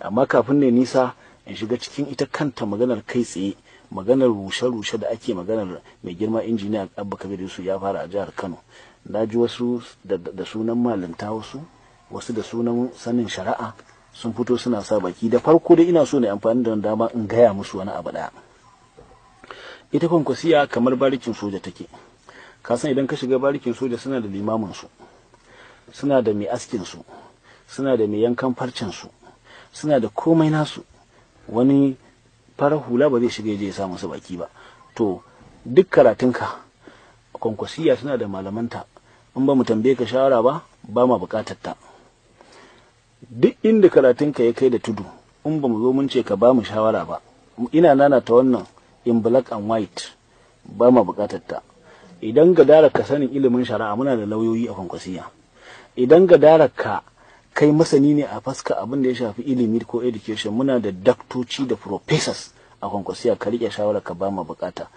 amma kafin ne nisa in shiga cikin ita kanta maganar kai tsaye maganar rushe-rushe da ake maganar mai girma injiniya abba kabir yusuf ya fara a jihar kano na ji wasu da sunan malinta wasu wasu da sunan sanin shari'a sun fito suna sa baki da farko dai ina so na amfani da dama in gaya musu wani abu daya ita kwankwasiya kamar barikin soja take ka san idan ka shiga barikin soja suna da limamin su suna da mai askin su suna da mai yankan farcen su suna da komai nasu wani farar hula ba zai shiga je ya sa baki ba to duk karatunka kwankwasiya suna da malamanta in ba mu tambaye ka shawara ba ba ma bukatar ta duk inda karatunka ya kai da tudu in ba mu zo mun ce ka ba mu shawara ba ina nana ta wannan in black and white ba ma bukatar ta idan ga ka sanin ilimin shari'a muna da lauyoyi a kwankwasiya idan ga ka kai masani ne a faska abin da ya shafi ilimi ko education muna da daktoci da professors a kwankwasiya ka rike shawara ka bama bukata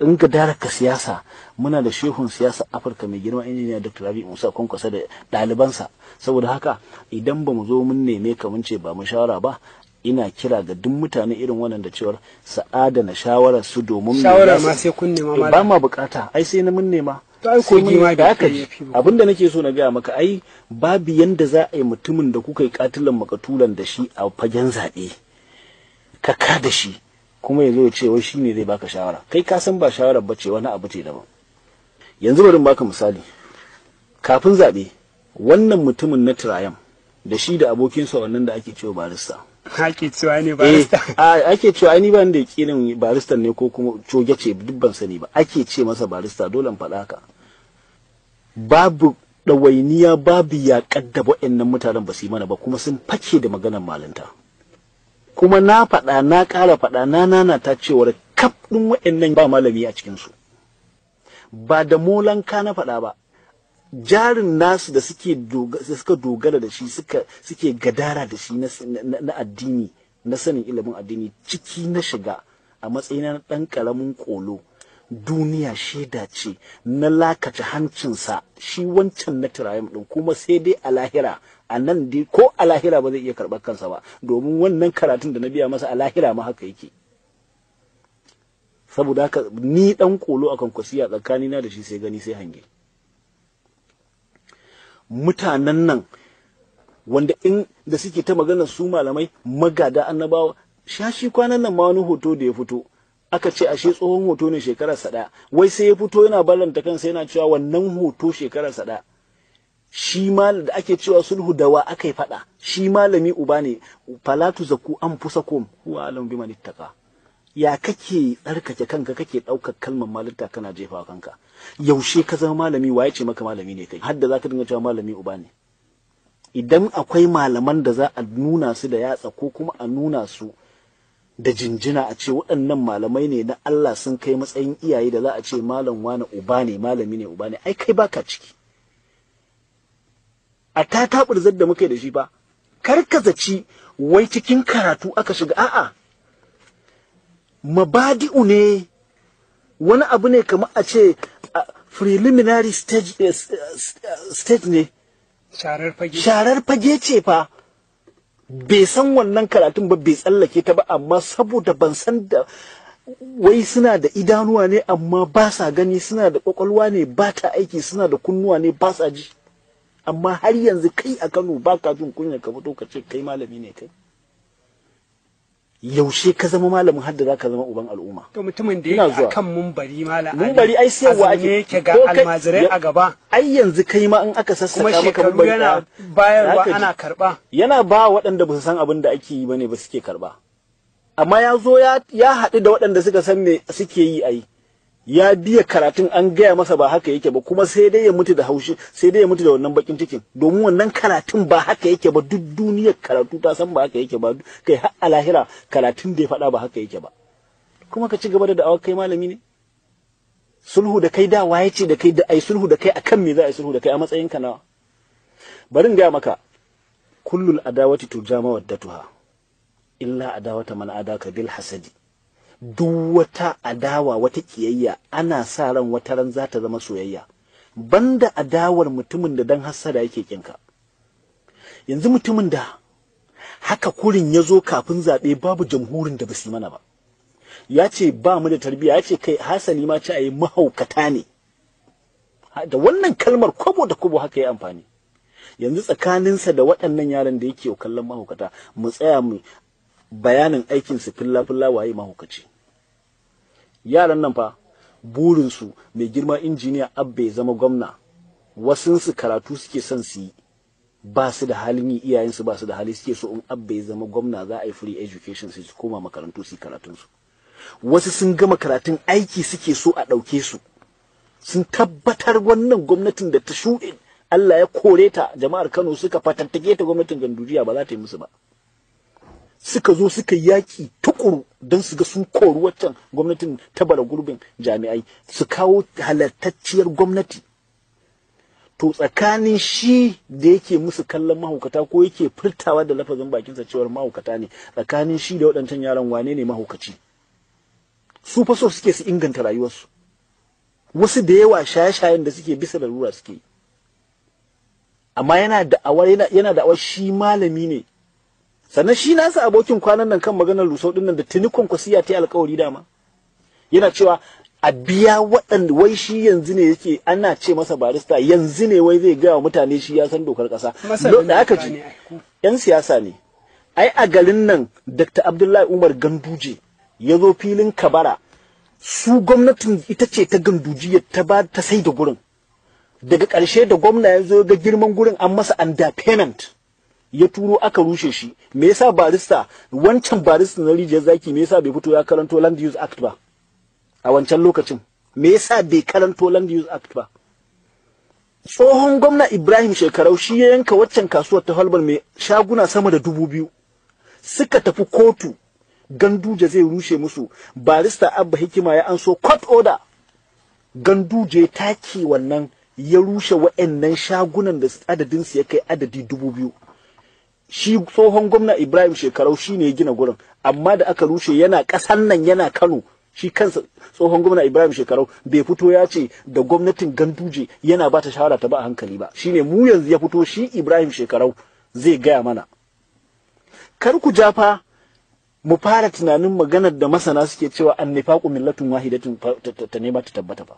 in ka daraka siyasa muna da shehun siyasa afirka mai girma injiniya dr rabi musa kwankwasa da ɗalibansa saboda haka idan ba mu zo mun neme ka mun ce ba mu shawara ba ina kira ga duk mutane irin wannan da cewar sa'ada adana shawarar su domin shawara ma sai kun nema ba ma bukata ai sai na mun nema da abinda nake so na gaya maka ai babu yanda za a yi mutumin da kuka yi katilan makatulan da shi a fagen zaɓe ka ka da shi kuma ya zo ya ce wai ne zai baka shawara kai ka san ba shawara ba ce wani abu ce daban yanzu bari baka misali kafin zaɓe wannan mutumin na tirayan da shi da abokin sa wannan da ake cewa barista Eh, ake cewa ni barista. Eh, ake cewa ni ban da yakinin barista ne ko kuma coge ce duk ban sani ba. Ake ce masa barista dole in faɗa Babu ɗawainiya babu ya da waɗannan mutanen ba su yi mana ba kuma sun fake da maganar malinta. Kuma na faɗa na ƙara faɗa na nana ta cewar kaf ɗin waɗannan ba malami a cikinsu. Ba da molanka na faɗa ba, jarin nasu da suka dogara da shi suke gadara da shi na addini na sanin ilimin addini ciki na shiga a matsayin na ɗan ƙaramin kolo duniya shaida ce na lakace hancinsa shi wancan na turayen ɗin kuma sai dai a lahira a nan dai ko a lahira ba zai iya karɓar kansa ba domin wannan karatun da na biya masa a lahira ma haka yake saboda haka ni ɗan ƙolo a kwankwasiya tsakanina da shi sai gani sai hange mutanen nan wanda in da suke ta magana su malamai magada annabawa shashi kwanan nan ma wani hoto da ya fito aka ce ashe tsohon hoto ne shekarar sa wai sai ya fito yana ballanta kansa yana cewa wannan hoto shekarar sa shi mal da ake cewa sulhu da wa aka yi fada shi malami uba ne falatu zaku an fusakum huwa alam biman ittaqa ya kake tsarkake kanka kake ɗaukar kalmar malinta kana jefa kanka yaushe ka zama malami waye ce maka malami ne kai hadda zaka dinga cewa malami uba ne idan akwai malaman da za a nuna su da yatsa ko kuma a nuna su da jinjina a ce waɗannan malamai ne na Allah sun kai matsayin iyaye da za a ce malam wani uba ne malami ne uba ne ai kai baka ciki a ta taɓurzar da muka da shi ba kar ka zaci wai cikin karatu aka shiga a'a mabadi'u ne wani abu ne kamar a ce preliminary stage, eh, eh, eh, stage ne sharar fage ce fa bai san wannan karatun ba bai tsallake ta ba amma saboda ban san da wai suna da idanuwa ne amma ba sa gani suna da kwakwalwa ne ba ta aiki suna da kunnuwa ne ba sa ji amma har yanzu kai a kano ba ka jin kunya ka fito ka ce kai malami ne kai yaushe ka zama malamin hadda za ka zama uban al'umma to mutumin da yake kan mumbari mala mumbari ai wa ake yake ga almajirai a gaba ai yanzu kai ma in aka sassaka maka mumbari yana bayarwa ana karba yana ba waɗanda ba su san abin da ake yi bane ba suke karba amma ya zo ya haɗu da waɗanda suka san me suke yi ai ya biya karatun an gaya masa ba haka yake ba kuma sai dai ya mutu da haushi sai dai ya mutu da wannan bakin cikin domin wannan karatun ba haka yake ba duk duniyar karatu ta san ba haka yake ba kai har a lahira karatun da ya faɗa ba haka yake ba kuma ka ci gaba da da'awar kai malami ne sulhu da kai da waye ce da kai da ai sulhu da kai akan me za a yi sulhu da kai a matsayin ka nawa bari in gaya maka kullul adawati tujama waddatuha illa adawata man adaka bil hasadi duk wata adawa wata kiyayya ana sa ran wata ran za ta zama soyayya banda adawar mutumin da dan hassada yake kinka yanzu mutumin da haka kurin ya zo kafin zaɓe babu jamhurin da basu mana ba ya ce ba mu da tarbiyya ya ce kai hasali ma ci a yi mahaukata ne da wannan kalmar kwabo da kwabo haka ya amfani yanzu tsakaninsa da waɗannan yaran da yake kallon mahaukata mu tsaya mu bayanin aikin su filla filla waye mahaukaci yaran nan fa burin su mai girma injiniya abba ya zama gwamna wasun karatu suke son su yi ba su da halin yi iyayen ba su da hali suke so in abba ya zama gwamna za a yi free education su koma makarantu su karatun su wasu sun gama karatun aiki suke so a ɗauke su sun tabbatar wannan gwamnatin da ta shuɗe Allah ya kore ta jama'ar Kano suka fatattake ta gwamnatin Gandujiya ba za ta yi musu ba suka zo suka yaki tukuru don su ga sun kori waccan gwamnatin ta bara gurbin jami'ai su kawo halartacciyar gwamnati to tsakanin shi da yake musu kallon mahaukata ko yake furtawa da lafazin bakinsa cewar mahaukata ne tsakanin shi da waɗancan yaran wane ne mahaukaci su fa so suke su inganta rayuwarsu wasu da yawa shaye-shayen da suke bisa da rura suke amma yana da awar shi malami ne sannan shi nasa abokin kwanan nan kan maganar rusau din nan da tuni kwankwasiya ta yi alkawari dama yana cewa a biya waɗanda wai shi yanzu ne yake ana ce masa barista yanzu ne wai zai gaya wa mutane shi ya san dokar ƙasa da aka ji yan siyasa ne ai a garin nan dr abdullahi umar ganduje ya zo filin kabara su gwamnatin ita ce ta ganduje ta ba ta sai da gurin daga ƙarshe da gwamna ya zo ga girman gurin an masa under payment. ya turo aka rushe shi me yasa barista wancan barista na rijiyar zaki me yasa bai fito ya karanto land use act ba a wancan lokacin me yasa bai karanto land use act ba tsohon gwamna ibrahim shekarau shi ya yanka waccan kasuwar ta halbar mai shaguna sama da dubu biyu suka tafi kotu ganduje zai rushe musu barista abba hikima ya anso court order ganduje taki wannan ya rushe wa'annan shagunan da adadinsu ya kai adadi dubu biyu shi tsohon gwamna Ibrahim Shekarau shi ne ya gina gurin amma da aka rushe yana ƙasan nan yana Kano shi kansa tsohon gwamna Ibrahim Shekarau bai fito ya ce da gwamnatin Ganduje yana ba ta shawara ta ba hankali ba shine mu yanzu ya fito shi Ibrahim Shekarau zai gaya mana kar ku ja fa mu fara tunanin maganar da masana suke cewa annifaqu millatun wahidatin ta nema ta tabbata ba